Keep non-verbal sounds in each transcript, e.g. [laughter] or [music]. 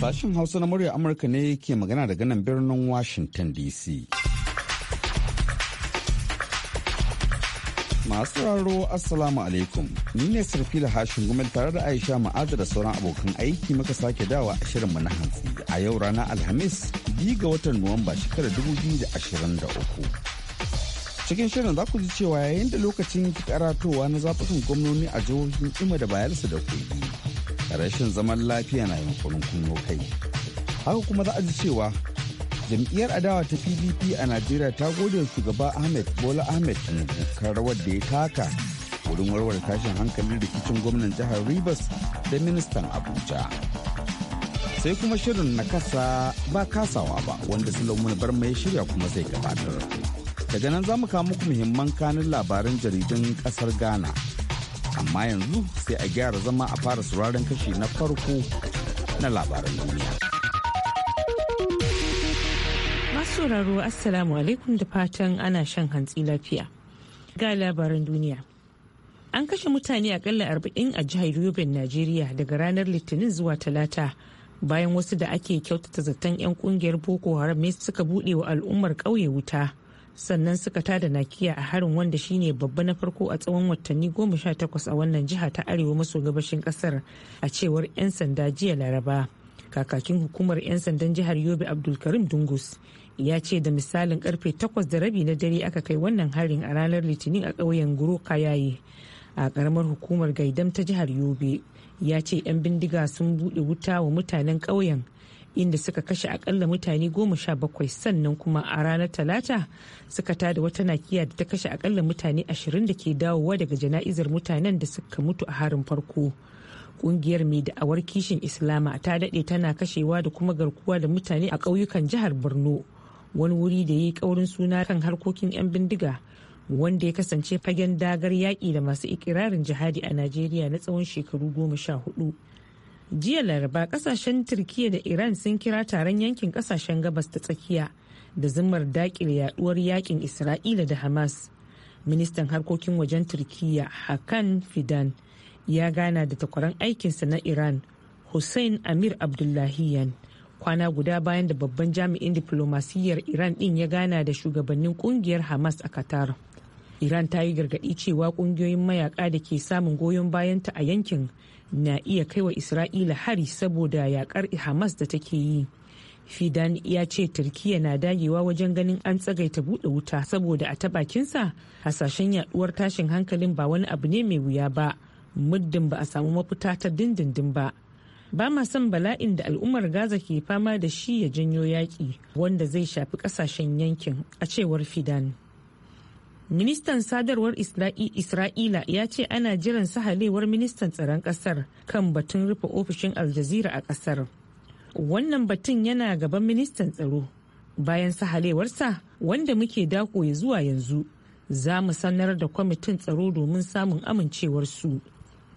Sashen Hausa na murya Amurka ne ke magana daga nan birnin Washington DC. Masu raro Assalamu alaikum. Ni ne Sarfila Hashin Gumel tare da Aisha Ma'aza da sauran abokan aiki muka sake dawa a shirin mu na hantsi a yau rana Alhamis biyu ga watan Nuwamba shekarar 2023. cikin shirin za ku ji cewa yayin da lokacin karatowa na zafukan gwamnoni a jihohin ima da bayelsa da kogi rashin zaman lafiya na yunkurin kunno kai haka kuma za a ji cewa jam'iyyar adawa ta pdp a najeriya ta gode shugaba ahmed bola ahmed a rawar da ya taka wurin warware tashin hankalin rikicin gwamnan jihar rivers da ministan abuja sai kuma shirin na kasa ba kasawa ba wanda sulaiman barma ya shirya kuma sai gabatar daga nan za mu kawo muku muhimman kanin labaran jaridun kasar ghana amma yanzu sai a gyara zama a fara sauraron kashi na farko na labaran duniya. Masu sauraro Assalamu alaikum da fatan ana shan hantsi lafiya. Ga labaran duniya. An kashe mutane akalla arba'in a jihar Yobin Najeriya daga ranar Litinin zuwa Talata. Bayan wasu da ake kyautata zaton 'yan kungiyar Boko Haram suka buɗe wa al'ummar ƙauye wuta. sannan suka tada nakiya a harin wanda shine babba na farko a tsawon watanni goma sha takwas a wannan jiha ta arewa maso gabashin kasar a cewar 'yan sanda jiya laraba kakakin hukumar 'yan sandan jihar yobe abdulkarim dungus ya ce da misalin karfe takwas da rabi na dare aka kai wannan harin a ranar litinin a ƙauyen guro kayaye a karamar hukumar gaidam ta jihar yobe ya ce 'yan bindiga sun buɗe wuta wa mutanen ƙauyen inda suka kashe akalla mutane goma sha bakwai sannan kuma a ranar talata suka tada wata nakiya da ta kashe akalla mutane ashirin da ke dawowa daga jana'izar mutanen da suka mutu a harin farko kungiyar mai da'awar kishin islama ta daɗe tana kashewa da kuma garkuwa da mutane a ƙauyukan jihar borno wani wuri da ya yi ƙaurin suna kan harkokin 'yan bindiga wanda ya kasance fagen dagar yaƙi da masu ikirarin jihadi a najeriya na tsawon shekaru goma sha hudu jiya laraba kasashen turkiya da iran sun kira taron yankin kasashen gabas ta tsakiya da zimmar dakile yaduwar yakin isra'ila da hamas ministan harkokin wajen turkiya hakan fidan ya gana da takwaran aikinsa na iran hussein amir abdullahiyan kwana guda bayan da babban jami'in diplomasiyyar iran din ya gana da shugabannin kungiyar hamas a qatar iran ta yi gargadi cewa kungiyoyin mayaka da ke samun goyon bayanta a yankin na iya kaiwa isra'ila hari saboda yakar hamas da take yi fidan ya ce turkiya na dagewa wajen ganin an tsagaita buɗe wuta saboda a ta bakinsa hasashen yaduwar tashin hankalin ba wani abu ne mai wuya ba muddin ba a samu mafita ta dindindin ba ba ma son bala'in da al'ummar gaza ke fama da shi ya janyo yaƙi wanda zai shafi ƙasashen yankin a cewar fidan Ministan sadarwar Isra'ila ya ce ana jiran sahalewar ministan tsaron kasar kan batun rufe ofishin Aljazira a kasar. Wannan batun yana gaban ministan tsaro. Bayan sahalewarsa wanda muke dako ya zuwa yanzu, za mu sanar da kwamitin tsaro domin samun amincewarsu.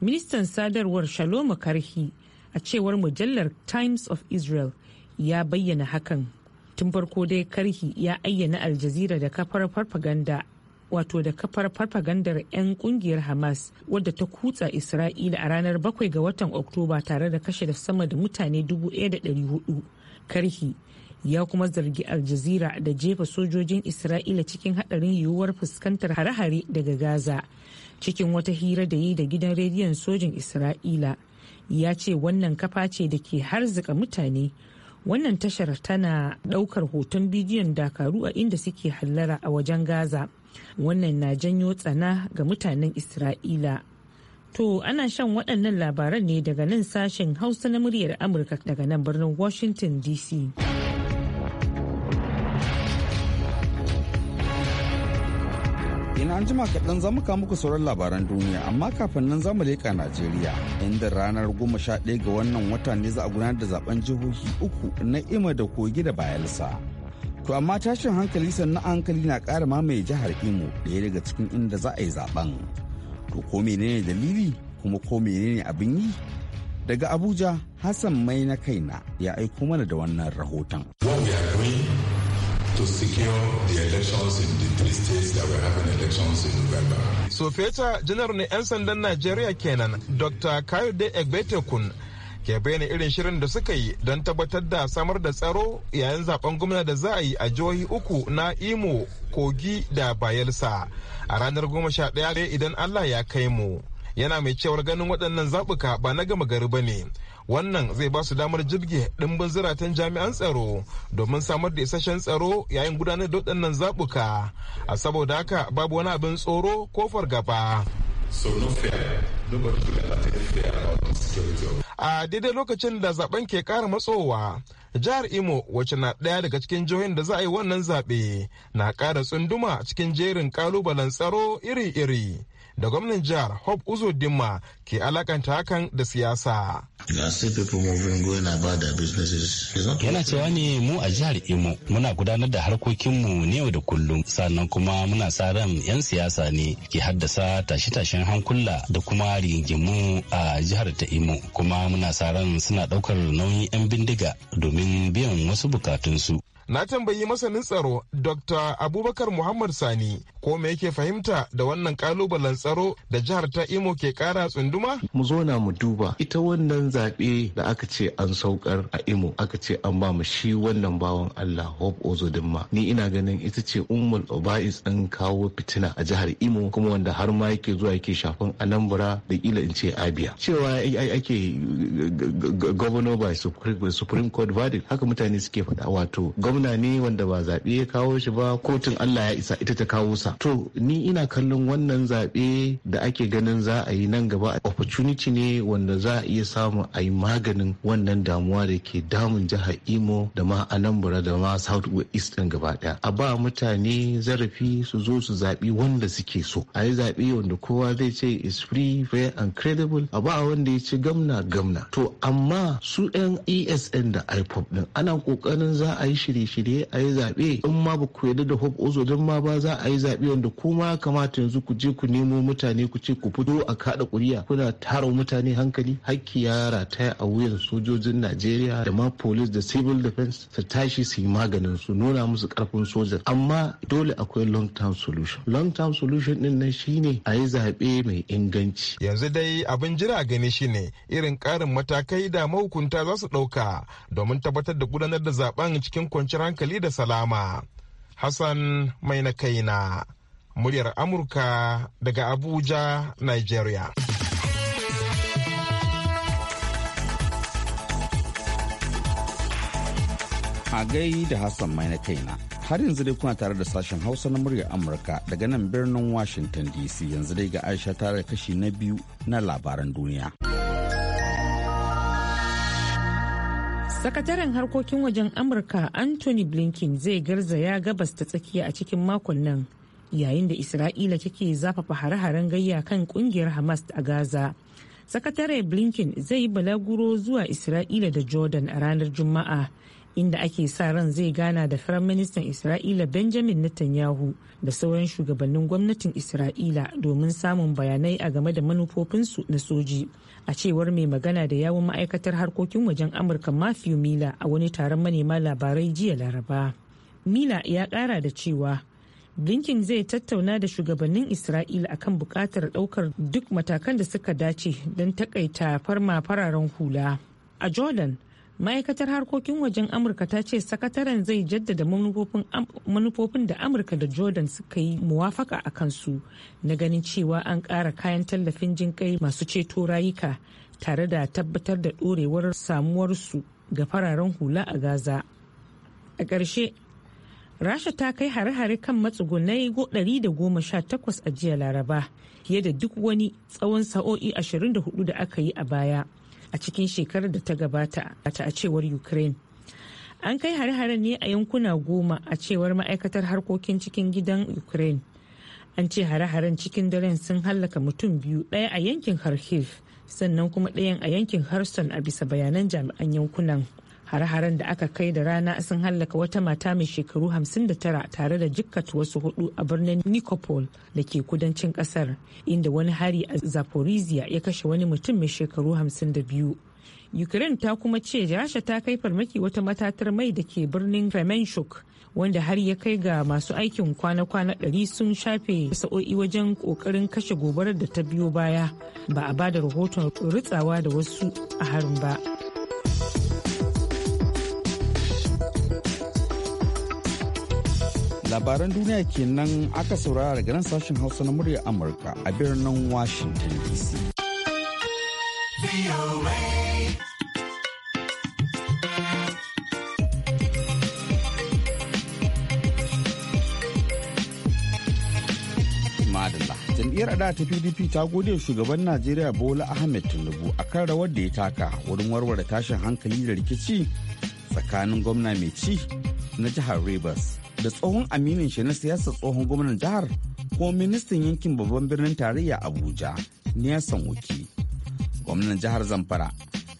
Ministan sadarwar Shaloma Karhi a cewar mujallar Times of Israel ya bayyana hakan. Tun farko dai Karhi ya ayyana Aljazira da kafar farfaganda wato da kafar farfagandar 'yan kungiyar hamas wadda ta kutsa isra'ila a ranar 7 ga watan oktoba tare da kashe da sama da mutane 1,400 karhi ya kuma zargi aljazira da jefa sojojin isra'ila cikin hadarin yiwuwar fuskantar hare-hare daga gaza cikin wata hira da yi da gidan rediyon sojin isra'ila ya ce wannan kafa ce da ke harzika mutane wannan tashar tana daukar hoton bidiyon dakaru a inda suke hallara a wajen gaza wannan na janyo tsana ga mutanen isra'ila to ana shan waɗannan labaran ne daga nan sashen hausa na muryar amurka daga nan birnin washington dc Ina an jima kaɗan za mu muku sauran labaran duniya amma kafin nan za mu leƙa najeriya inda ranar goma sha ɗaya ga wannan wata ne za a gudanar da zaben jihohi uku na ima da kogi da bayelsa to amma tashin hankali sannan hankali na ƙara mamaye jihar imo ɗaya daga cikin inda za a yi zaben to ko menene dalili kuma ko menene abin yi daga abuja hassan mai na kaina ya aiko mana da wannan rahoton. to secure the elections in the three states that were having elections in November. Sofeta janar ne 'yan sandan Najeriya kenan Dr. Kayode Egbetekun ke bayyana irin shirin da suka yi don tabbatar da samar da tsaro yayin zaben gwamna da za a yi a jihohi uku na Imo, Kogi da Bayelsa a ranar goma sha ɗaya idan Allah ya kai mu. Yana mai cewar ganin waɗannan zaɓuka ba na gama gari ba ne. wannan zai ba su damar jirge dimbin ziratan jami'an tsaro domin samar da isasshen tsaro yayin gudanar da waɗannan zaɓuka a saboda haka babu wani abin tsoro ko fargaba a daidai lokacin da zaben ke kara matsowa jihar imo wacce na ɗaya daga cikin jihohin da za a yi wannan zaɓe na ƙara tsunduma cikin jerin ƙalubalen tsaro iri-iri da gwamnan jihar Hope Uzo Dimma ke alakanta hakan da siyasa. Yana cewa ne mu a jihar Imo muna gudanar da harkokinmu ne yau da kullum sannan kuma muna sa ran 'yan siyasa ne ke haddasa tashe-tashen hankula da kuma rigingimu a jihar ta Imo kuma muna sa ran suna daukar nauyin 'yan bindiga domin biyan wasu bukatunsu na tambayi masanin tsaro dr abubakar muhammad sani ko me yake fahimta da wannan kalubalen tsaro da jihar ta imo ke kara tsunduma mu zo na mu duba ita wannan zaɓe da aka ce an saukar a imo aka ce an ba mu shi wannan bawan allah hope ozodinma ni ina ganin ita ce ummul obais an kawo fitina a jihar imo kuma wanda har ma yake zuwa yake shafan anambra da kila in ce abia cewa ake governor by supreme court verdict haka mutane suke faɗa wato gwamnati gwamna ne wanda ba zaɓe ya kawo shi ba kotun Allah ya isa ita ta kawo sa to ni ina kallon wannan zaɓe da ake ganin za a yi nan gaba opportunity ne wanda za a iya samu a yi maganin wannan damuwa da ke damun jihar Imo da ma Anambra da ma South East din gaba ɗaya a ba mutane zarafi su zo su zaɓi wanda suke so a yi zaɓe wanda kowa zai ce is free fair and credible a ba wanda ya ci gamna gamna to amma su 'yan ESN da IPOP ɗin ana kokarin za a yi shirye shirye a yi zaɓe in ma ba ku yarda da hope ozo don ma ba za a yi zaɓe wanda kuma kamata yanzu ku je ku nemo mutane ku ce ku fito a kaɗa ƙuri'a kuna tara mutane hankali hakki ya rataya a wuyan sojojin najeriya da ma police da civil defense su tashi su yi maganin su nuna musu karfin soja amma dole akwai long term solution long term solution din nan shine a yi zaɓe mai inganci yanzu dai abin jira gani shine irin ƙarin matakai da mahukunta za su ɗauka domin tabbatar da gudanar da zaɓen cikin kwanci kwanciyar hankali da salama. Hassan mai na kaina, muryar Amurka daga Abuja, Nigeria. A gai da Hassan mai na kaina. Har yanzu dai kuna tare da sashen Hausa na muryar Amurka daga nan birnin Washington DC yanzu dai ga Aisha tare da kashi na biyu na labaran duniya. sakataren harkokin wajen amurka anthony blinken zai garzaya gabas ta tsakiya a cikin makon nan yayin da isra'ila take zafafa hare-haren gayya kan kungiyar hamas a gaza sakatare blinken zai yi balaguro zuwa isra'ila da jordan a ranar juma'a inda ake sa ran zai gana da ministan isra'ila benjamin netanyahu da sauran shugabannin gwamnatin isra'ila domin samun bayanai a game da manufofinsu na soji a cewar mai magana da yawon ma'aikatar harkokin wajen amurka matthew mila a wani taron manema labarai jiya laraba mila ya kara da cewa blinken zai tattauna da shugabannin isra'ila akan bukatar daukar duk matakan da suka dace don takaita farma fararen hula a jordan ma'aikatar harkokin wajen amurka ta ce sakataren zai jaddada manufofin da amurka da jordan suka yi muwafaka a kansu na ganin cewa an ƙara kayan tallafin jinƙai masu ceto rayuka tare da tabbatar da ɗorewar samuwarsu ga fararen hula a gaza a ƙarshe rasha ta kai hare-hare kan matsugunai 118 a jiya laraba fiye da duk wani tsawon sa'o'i 24 da aka yi a baya a cikin shekarar da ta gabata a cewar ukraine an kai hare-hare ne a yankuna goma a cewar ma'aikatar harkokin cikin gidan ukraine an ce hare-haren cikin daren sun hallaka mutum biyu ɗaya a yankin kharkiv sannan kuma ɗayan a yankin harson a bisa bayanan jami'an yankunan Har-haren da aka kai da rana sun hallaka wata mata mai shekaru 59 tare da jikkat wasu hudu a birnin Nikopol da ke kudancin kasar, inda wani hari a Zaporizhia ya kashe wani mutum mai shekaru 52. Ukraine ta kuma ce Rasha ta kai farmaki wata matatar mai da ke birnin Kremenchuk wanda har ya kai ga masu aikin kwana-kwana ɗari sun shafe sa'o'i wajen kokarin kashe gobarar da ta biyo baya ba a ba da rahoton ritsawa da wasu a harin ba. labaran duniya kenan aka saurara daga nan sashen hausa na murya amurka a birnin washington dc jam'iyyar ada ta pdp ta gode shugaban najeriya bola ahmed tinubu a kan rawar da ya taka wurin warware tashin hankali da rikici tsakanin gwamna mai ci na jihar rivers da tsohon aminin shi na siyasar tsohon gwamnan jihar ko ministan yankin babban birnin tarayya abuja nelson wuki gwamnan jihar zamfara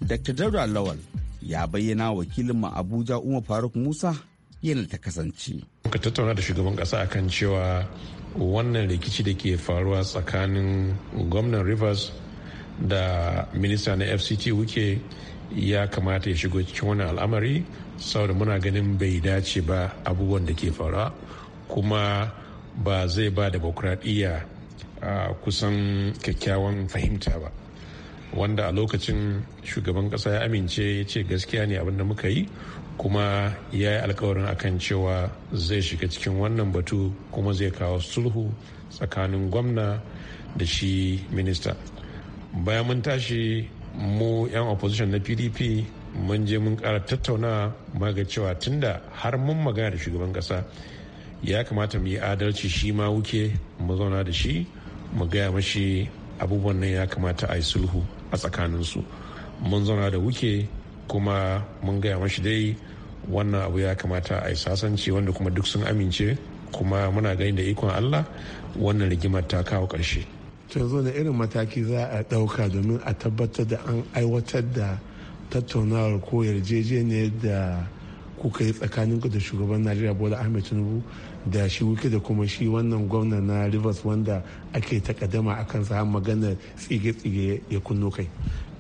dr dauda lawal ya bayyana wakilinmu abuja umar faruk musa yana ta kasance ka tattauna da shugaban kasa kan cewa wannan rikici da ke faruwa tsakanin gwamnan rivers da minista na fct wuke ya kamata ya shigo cikin wani al'amari saboda muna ganin bai dace ba abubuwan da ke faruwa kuma ba zai ba demokuraɗiyya a kusan kyakkyawan fahimta ba wanda a lokacin shugaban ƙasa ya amince ya ce gaskiya ne abin da muka yi kuma ya yi alkawarin akan cewa zai shiga cikin wannan batu kuma zai kawo sulhu tsakanin gwamna da shi minista bayan mun tashi mu 'yan opposition na pdp mun je mun kara tattauna maga cewa tunda har mun magana da shugaban kasa ya kamata mu yi adalci shi ma wuke mu zauna da shi mu gaya mashi abubuwan nan ya kamata a yi sulhu a tsakaninsu mun zauna da wuke kuma mun gaya mashi dai wannan abu ya kamata a yi sasanci wanda kuma duk sun amince kuma muna gani da ikon allah wannan rigimar ta kawo ƙarshe. to yanzu irin mataki za a ɗauka domin a tabbatar da an aiwatar da tattaunawar ko yarjejeniyar da kuka yi tsakanin da shugaban najeriya bola ahmed tinubu da shi wuke da kuma shi wannan gwamna na rivers wanda ake takadama a kansa har maganar tsige-tsige ya kunno kai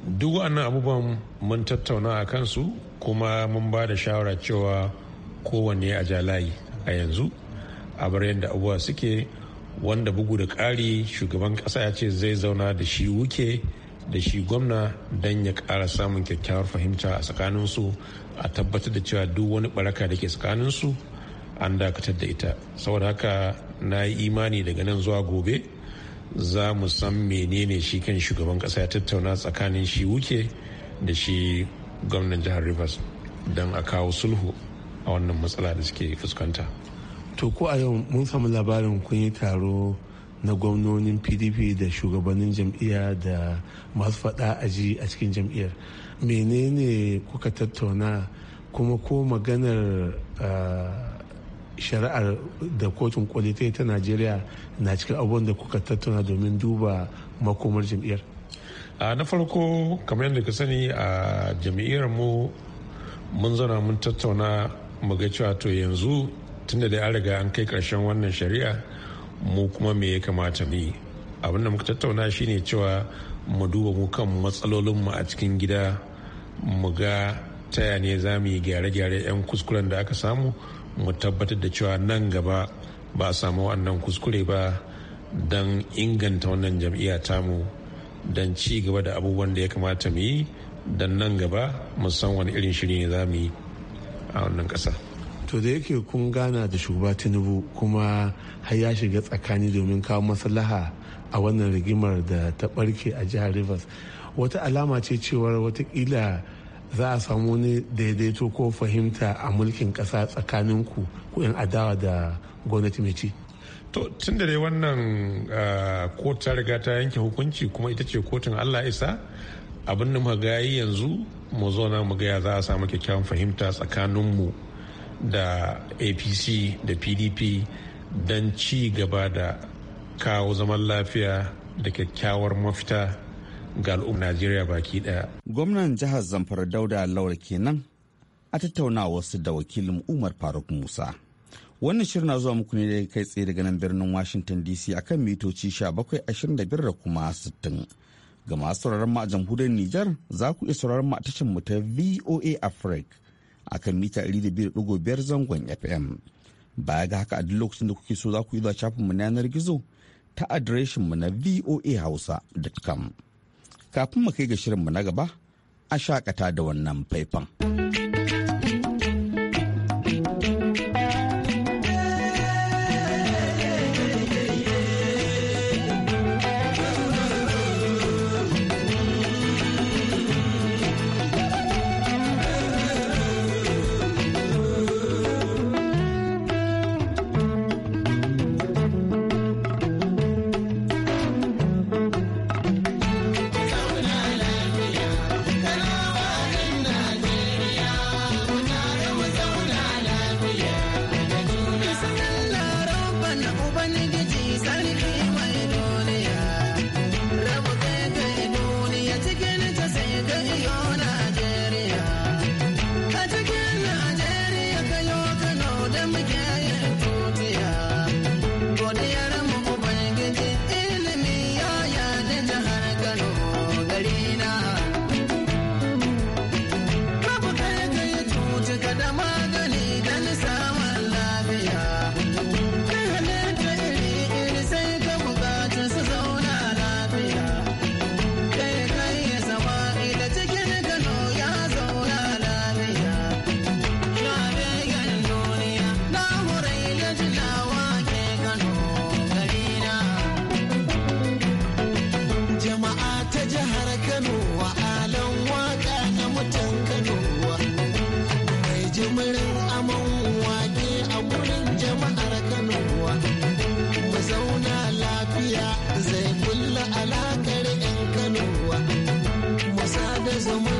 duk wannan abubuwan mun tattauna a kansu kuma mun ba da shawara cewa kowanne a jalayi a yanzu a bar yadda abubuwa suke wanda bugu da ƙari shugaban ƙasa ya ce zai zauna da shi wuke da shi gwamna don ya ƙara samun kyakkyawar fahimta a tsakaninsu a tabbatar da cewa duk wani baraka da ke tsakaninsu an dakatar da ita saboda haka na yi imani daga nan zuwa gobe za mu san menene shi kan shugaban ƙasa ya tattauna tsakanin shi wuke da shi gwamnan jihar rivers don a kawo sulhu a wannan matsala da suke fuskanta. to ko a yau mun samu labarin kun yi taro na gwamnonin pdp da shugabannin jam'iyya da masu faɗa aji a cikin jam'iyyar menene kuka tattauna kuma ko maganar shari'ar da kotun koli ta ta najeriya na cikin abubuwan da kuka tattauna domin duba makomar jam'iyyar na farko kamar yadda ka sani a jam'iyyar mu mun zana mun tattauna muga cewa to yanzu tunda da an riga an kai karshen wannan shari'a mu kuma me ya kamata mu yi abinda muka tattauna shine cewa mu duba mu kan matsalolinmu a cikin gida mu ga taya ne za mu yi gyare-gyare 'yan kuskuren da aka samu mu tabbatar da cewa nan gaba ba a samu wannan kuskure ba don inganta wannan jam'iyya tamu don ci gaba da abubuwan da ya kamata mu yi don nan gaba mu san irin shiri ne za mu yi a wannan ƙasa. to da yake kun gana da shugaba tinubu kuma har ya shiga tsakani domin kawo maslaha a wannan rigimar da ta barke a jihar rivers wata alama ce cewar watakila za a samu wani daidaito ko fahimta a mulkin kasa tsakanin ku yan adawa da gwamnati mai ci to tun da dai wannan ah, kotar ta riga ta yanke hukunci kuma ita ce kotun allah isa abin da muka yanzu mu zo na mu gaya za a samu kyakkyawan fahimta tsakaninmu da apc da pdp don ci gaba da kawo zaman lafiya da kyakkyawar mafita ga al'ummar najeriya baki daya gwamnan jihar zamfara dauda laura kenan a tattaunawa wasu, da wakilin umar faruk musa wannan shirin na zuwa muku ne da kai tsaye daga nan birnin washington dc akan mitoci 1725 da kuma 60 ga masu sauraron mu a jamhuriyar Nijar, za ku iya sauraron mu a tashar mu ta voa africa a kan mita 200.5 zangon FM. Baya ga haka a duk lokacin da kuke so za ku yi zuwa shafinmu na yanar gizo ta adireshinmu na voahausa.com. Kafin mu kai ga shirinmu na gaba, a shakata da wannan faifan. zama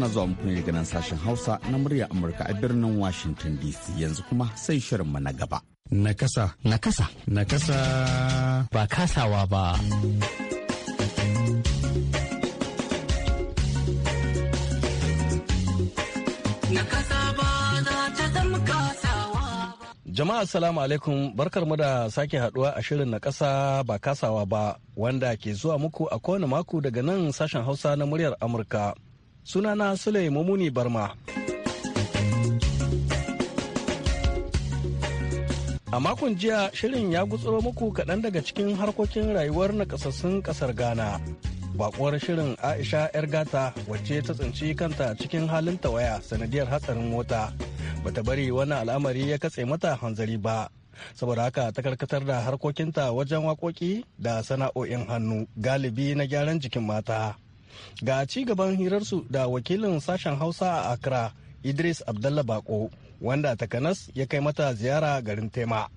na zuwa muku ne daga nan sashen Hausa na murya Amurka a birnin Washington DC yanzu kuma sai shirin mu na gaba. Nakasa. Nakasa. Nakasa. Ba kasawa ba. Jama'a salamu alaikum barkar mu da sake haduwa a shirin na kasa ba kasawa ba wanda ke zuwa muku a kowane mako daga nan sashen hausa na muryar Amurka. sunana sule mumuni barma A makon jiya shirin ya gutsuro muku kaɗan daga cikin harkokin rayuwar nakasassun ƙasar Ghana. Bakuwar shirin Aisha 'yar gata wacce ta tsinci kanta cikin halin tawaya sanadiyar hatsarin mota. Bata bari wani al'amari ya katse mata hanzari ba. Saboda haka ta karkatar da harkokinta wajen waƙoƙi da sana'o'in hannu galibi na gyaran jikin mata. Ga ci gaban hirarsu da wakilin sashen Hausa a Accra, Idris Abdallah Bako, wanda takanas ya kai mata ziyara garin Tema.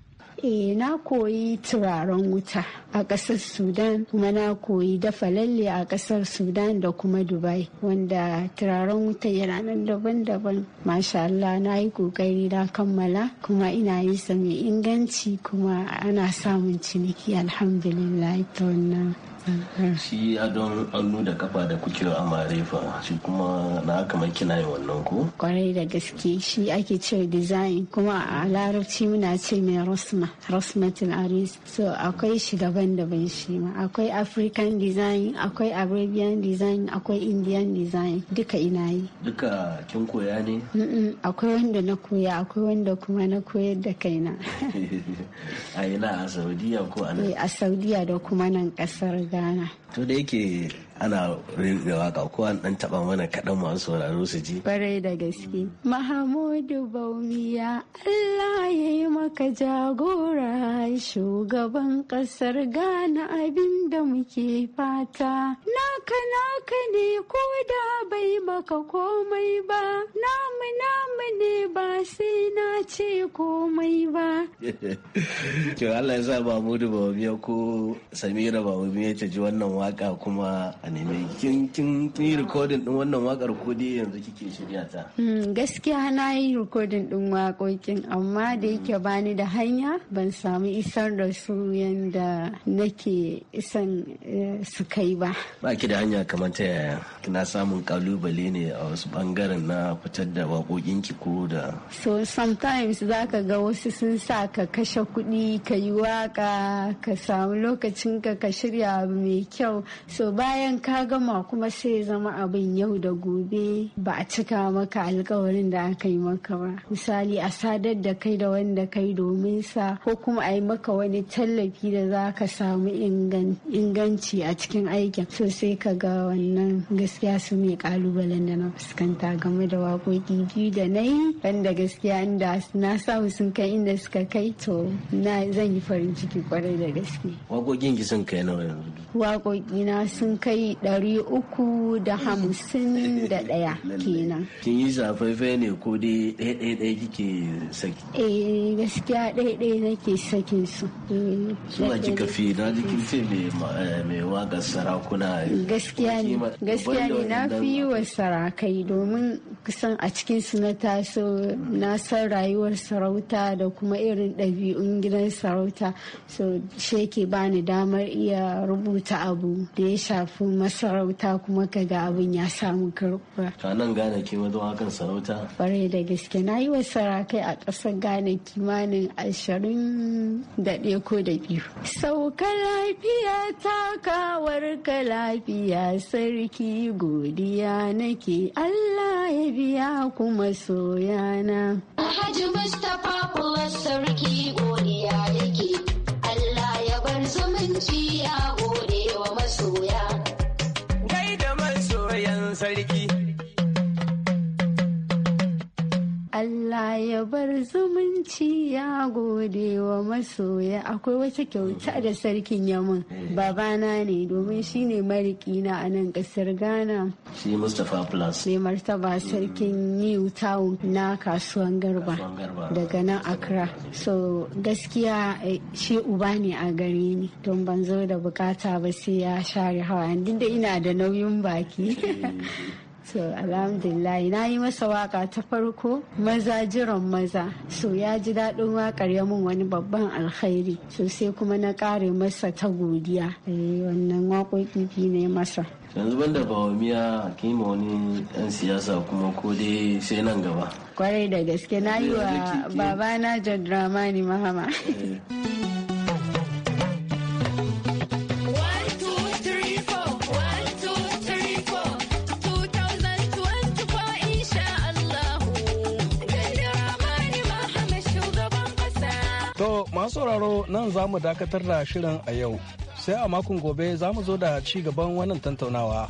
Eh na koyi turaren wuta a ƙasar Sudan kuma na koyi dafa lalle a ƙasar Sudan da kuma Dubai wanda turaren wuta yana nan daban-daban. Masha Allah na yi ƙoƙari na kammala kuma ina yi sa mai inganci kuma ana samun ciniki alhamdulillah ta wannan shi don hannu da kafa da kuke amare shi kuma na kamar kina yi wannan ko kwarai da gaske shi ake ce design kuma a larabci muna ce mai rasma rasmatul aris so akwai shi daban daban shi ma akwai african design akwai arabian design akwai indian design duka ina yi duka kin koya ne akwai wanda na koya akwai wanda kuma na koyar da kaina [laughs] a ina a saudiya ko a nan eh, a saudiya da kuma nan kasar 干啊！to da yake ana rera waka ko an dan taba mana kaɗan masu sauraro su ji. Barai da gaske. Mahamudu Baumiya Allah ya yi maka jagora shugaban ƙasar Ghana abin da muke fata. Naka naka ne ko da bai maka komai ba. Namu namu ne ba sai na ce komai ba. [laughs] To Allah ya sa Mahamudu Baumiya ko Samira Baumiya ta ji wannan wa. waka kuma a nemi kin kin yi recording din wannan wakar ko dai yanzu kike shirya ta hmm, gaskiya na yi recording din wakokin amma da yake bani da hanya ban samu isar da su yanda nake isan eh, su kai ba ba ki da hanya kamar ta yaya kina samun kalubale ne a wasu bangaren na fitar da wakokin ki ko da so sometimes zaka ga wasu sun sa ka kashe kuɗi ka yi waka ka samu lokacin ka ka shirya abu mai kyau kyau so bayan ka gama kuma sai zama abin yau da gobe ba a cika maka alkawarin da aka yi maka ba misali a sadar da kai da wanda kai domin sa ko kuma a yi maka wani tallafi da za ka samu inganci a cikin aikin so sai ka ga wannan gaskiya su ne kalubalen da na fuskanta game da waƙoƙi biyu da na yi wanda gaskiya inda na samu sun kai inda suka kai to na zan yi farin ciki kwarai da gaske waƙoƙin ki sun kai nawa yanzu waƙoƙina sun kai ɗari uku da hamsin da ɗaya kenan. Kin yi zafaife ne ko dai ɗaya-ɗaya kike saki? Eh gaskiya ɗaya-ɗaya nake sakin su. Eh, Suna kika fi na jikin fi mai eh, waga sarakuna. Gaskiya ne gaskiya ne na fi yi wa sarakai domin kusan a cikin su na taso na san rayuwar sarauta da kuma irin ɗabi'un gidan sarauta so shi ke bani damar iya rubuta abu abu da ya shafi masarauta kuma ka ga abin ya samu karɓuwa. Ka nan gane ke mazuwa hakan sarauta? Bare da gaske na yi wa sarakai a ƙasar gane kimanin ashirin da ɗaya ko da biyu. Sauka lafiya ta kawar ka lafiya sarki godiya nake Allah ya biya kuma soyana. Alhaji Mustapha kula sarki Allah ya bar zumunci ya gode wa masoya akwai wata kyauta da sarkin yamin babana ne domin shi ne a nan kasar Ghana. Shi Mustapha Plus. Mai martaba sarkin New Town na kasuwan garba daga nan Accra. So gaskiya eh, shi uba ne a gare ni don ban zo da bukata ba sai ya share hawa duk da ina da nauyin baki. [laughs] Eh. so alhamdulillah na yi masa waka ta farko maza jiran maza so ya ji daɗin wakar ya mun wani babban alkhairi sosai kuma na ƙare masa ta godiya eh, wannan waƙoƙi biyu ne masa yanzu banda miya kima wani yan siyasa kuma ko dai sai nan gaba kwarai da gaske na yi wa babana john dramani mahama eh. masu sauraro nan za mu dakatar da shirin a yau sai a makon gobe za mu zo da ci gaban wannan tantaunawa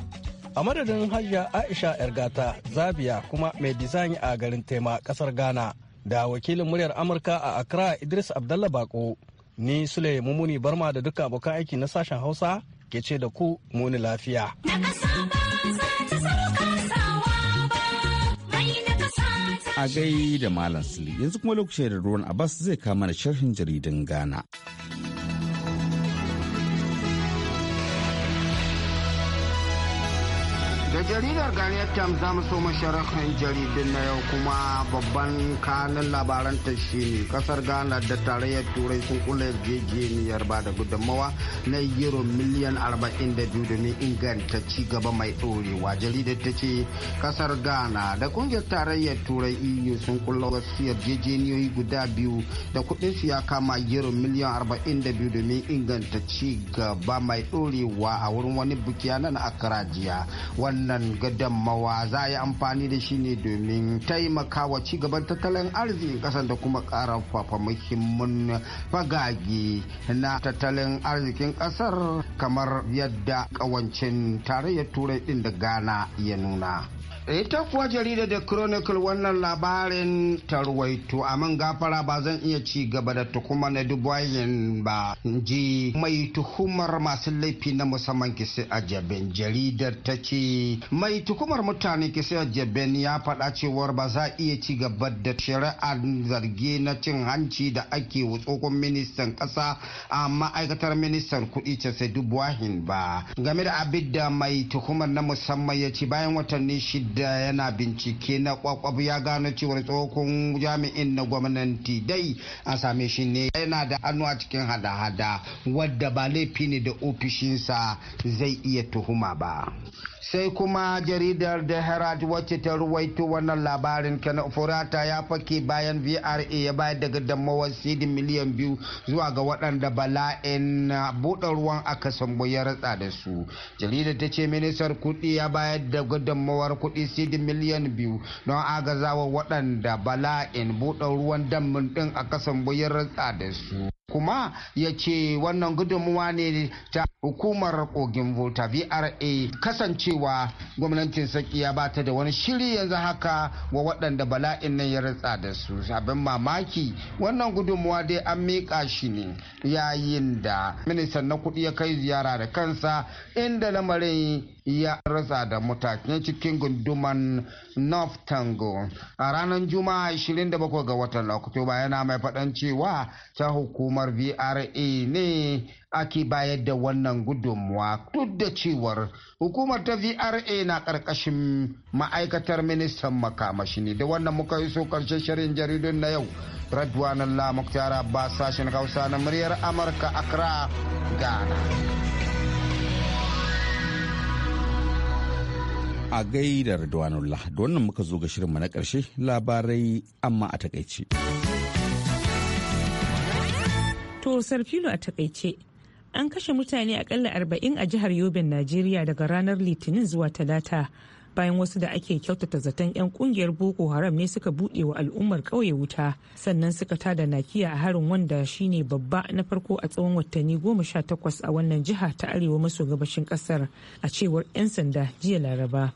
a madadin hajja aisha ergata zabiya kuma mai dizayin a garin tema kasar ghana da wakilin muryar amurka a accra idris abdallah bako ni sule mumuni barma da duka abokan aiki na sashen hausa ke ce da ku muni lafiya. a gai da Malam Sili yanzu kuma lokacin da ruwan Abbas zai kama da sharhin jaridan Ghana. jaridar Ghanaian Times za mu so masharahin jaridin na yau kuma babban kanin shi ne kasar Ghana da tarayyar Turai sun kula yarjejeniyar ba da gudunmawa na euro miliyan 42 domin inganta ci gaba mai ɗorewa. Jaridar ta ce kasar Ghana da kungiyar tarayyar Turai EU sun kula wasu yarjejeniyoyi guda biyu da kuɗin su ya kama euro miliyan 42 domin inganta ci gaba mai ɗorewa a wurin wani bukiya nan a karajiya Wannan wannan mawa za a yi amfani da shi ne domin taimaka wa gaban tattalin arzikin kasar da kuma karfafa muhimmin fagage na tattalin arzikin kasar kamar yadda kawancin tarayyar turai din da ghana ya nuna ita kuwa Jarida da chronicle wannan labarin tarwaito a man gafara ba zan iya ci gaba da tukuma na dubayin ba ji mai tuhumar masu laifi na musamman kisi a jaben jaridar ta ce mai tuhumar mutane kisi a jaben ya faɗa cewar ba za iya ci gaba da shari'ar zarge na cin hanci da ake wa tsohon ministan ƙasa a ma'aikatar ministan kuɗi ce sai dubuwahin ba game da abin da mai tuhumar na musamman ya ci bayan watanni shida da yana bincike na kwakwab ya gano cewar tsohon jami'in na gwamnati dai an same shi ne yana da hannu a cikin hada-hada wadda ba laifi ne da ofishinsa zai iya tuhuma ba sai kuma jaridar da herald wacce ta ruwaito wannan labarin kana furata ya fake bayan vra ya bayar da gudunmawar sidin miliyan biyu zuwa ga waɗanda bala'in buɗe ruwan aka sambo ya ratsa da su jaridar ta ce ministar kuɗi ya bayar da gudunmawar kuɗi kuɗi miliyan biyu don agazawa waɗanda bala'in buɗe ruwan damin ɗin a kasan ratsa da su. kuma ya ce wannan gudunmuwa ne ta hukumar kogin volta vra kasancewa gwamnatin sakiya ba ta da wani shiri yanzu haka wa waɗanda bala'in nan ya ratsa da su abin mamaki wannan gudunmuwa dai an miƙa shi ne yayin da ministan na kuɗi ya kai ziyara da kansa inda lamarin ya rasa da matakin cikin gunduman north tango a ranar juma'a 27 ga watan oktoba yana mai faɗan cewa ta hukumar vra ne ake bayar da wannan gudunmuwa duk da cewar hukumar ta vra na ƙarƙashin ma'aikatar ministan makamashi ne da wannan muka yi so karshen shirin jaridun na yau radwanan lamuk tara ba sashen hausa na muryar amurka accra ghana a gaidar Ridwanullah da wannan muka zo ga shirinmu na ƙarshe labarai amma a takaice. To Sarfilo a takaice an kashe mutane akalla arba'in a jihar Yobin Najeriya daga ranar Litinin zuwa Talata bayan wasu da ake kyautata zaton 'yan kungiyar Boko Haram ne suka buɗe wa al'ummar ƙauye wuta sannan suka tada nakiya a harin wanda shine babba na farko a tsawon watanni goma sha takwas a wannan jiha ta arewa maso gabashin ƙasar a cewar 'yan sanda jiya Laraba.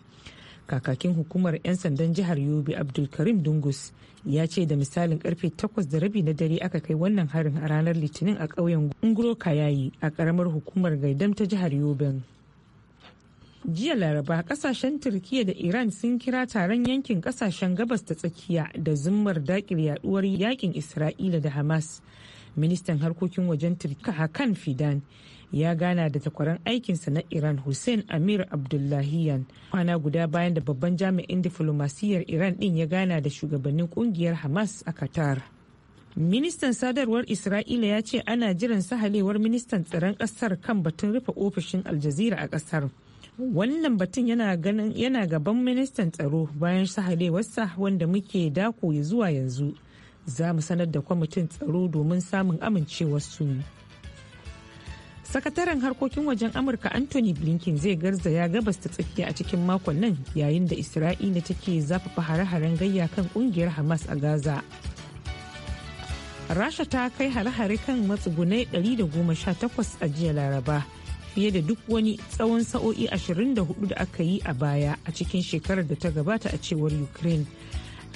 kakakin hukumar 'yan sandan jihar yobe abdulkarim dungus ya ce da misalin karfe 8 da rabi na dare aka kai wannan harin a ranar litinin a ƙauyen ungro kayayi a ƙaramar hukumar gaidam ta jihar yoben. jiya laraba kasashen turkiya da iran sun kira taron yankin kasashen gabas ta tsakiya da zummar dakil yaduwar yakin isra'ila da hamas ministan harkokin wajen turkiya hakan fidan ya gana da takwaran aikinsa na iran hussein amir abdullahiyan kwana guda bayan da babban jami'in diflomasiyyar iran din ya gana da shugabannin kungiyar hamas a qatar ministan sadarwar isra'ila ya ce ana jiran sahalewar ministan tsaron kasar kan batun rufe ofishin aljazira a kasar wannan batun yana gaban ministan tsaro bayan sahalewarsa wanda muke dako zuwa yanzu za mu sanar da kwamitin tsaro domin samun amincewarsu. su sakataren harkokin wajen amurka anthony blinken zai garzaya gabas ta tsakiya a cikin makon nan yayin da isra'ila take zafafa hare-haren gayya kan kungiyar hamas a gaza rasha ta kai hare-hare kan matsugunai 118 a jiya laraba fiye da duk wani tsawon sa'o'i 24 da aka yi a baya a cikin shekarar da ta gabata a cewar ukraine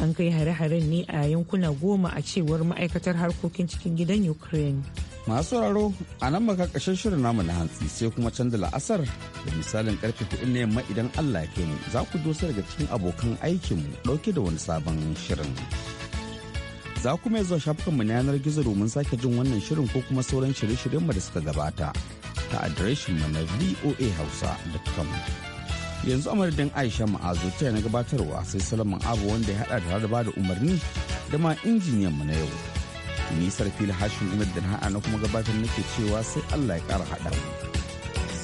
an kai hare-haren ne a yankuna goma a cewar ma'aikatar harkokin cikin gidan ukraine masu sauraro a nan maka shirin namu na hantsi sai kuma canza la'asar da misalin karfe kuɗi na yamma idan allah ke mu za ku dosa daga cikin abokan aikinmu ɗauke da wani sabon shirin za ku mai zuwa shafukanmu na yanar gizo domin sake jin wannan shirin ko kuma sauran shirye-shiryenmu da suka gabata ta mu na voa hausa da kam. yanzu a madadin aisha ma'azu ta na gabatarwa sai salaman abu wanda ya hada da da umarni da ma injiniyan mu na yau nisar fil hashin umar da na kuma gabatar nake cewa sai allah ya kara haɗa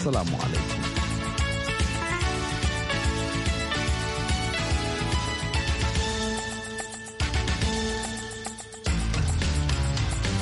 salamu alaikum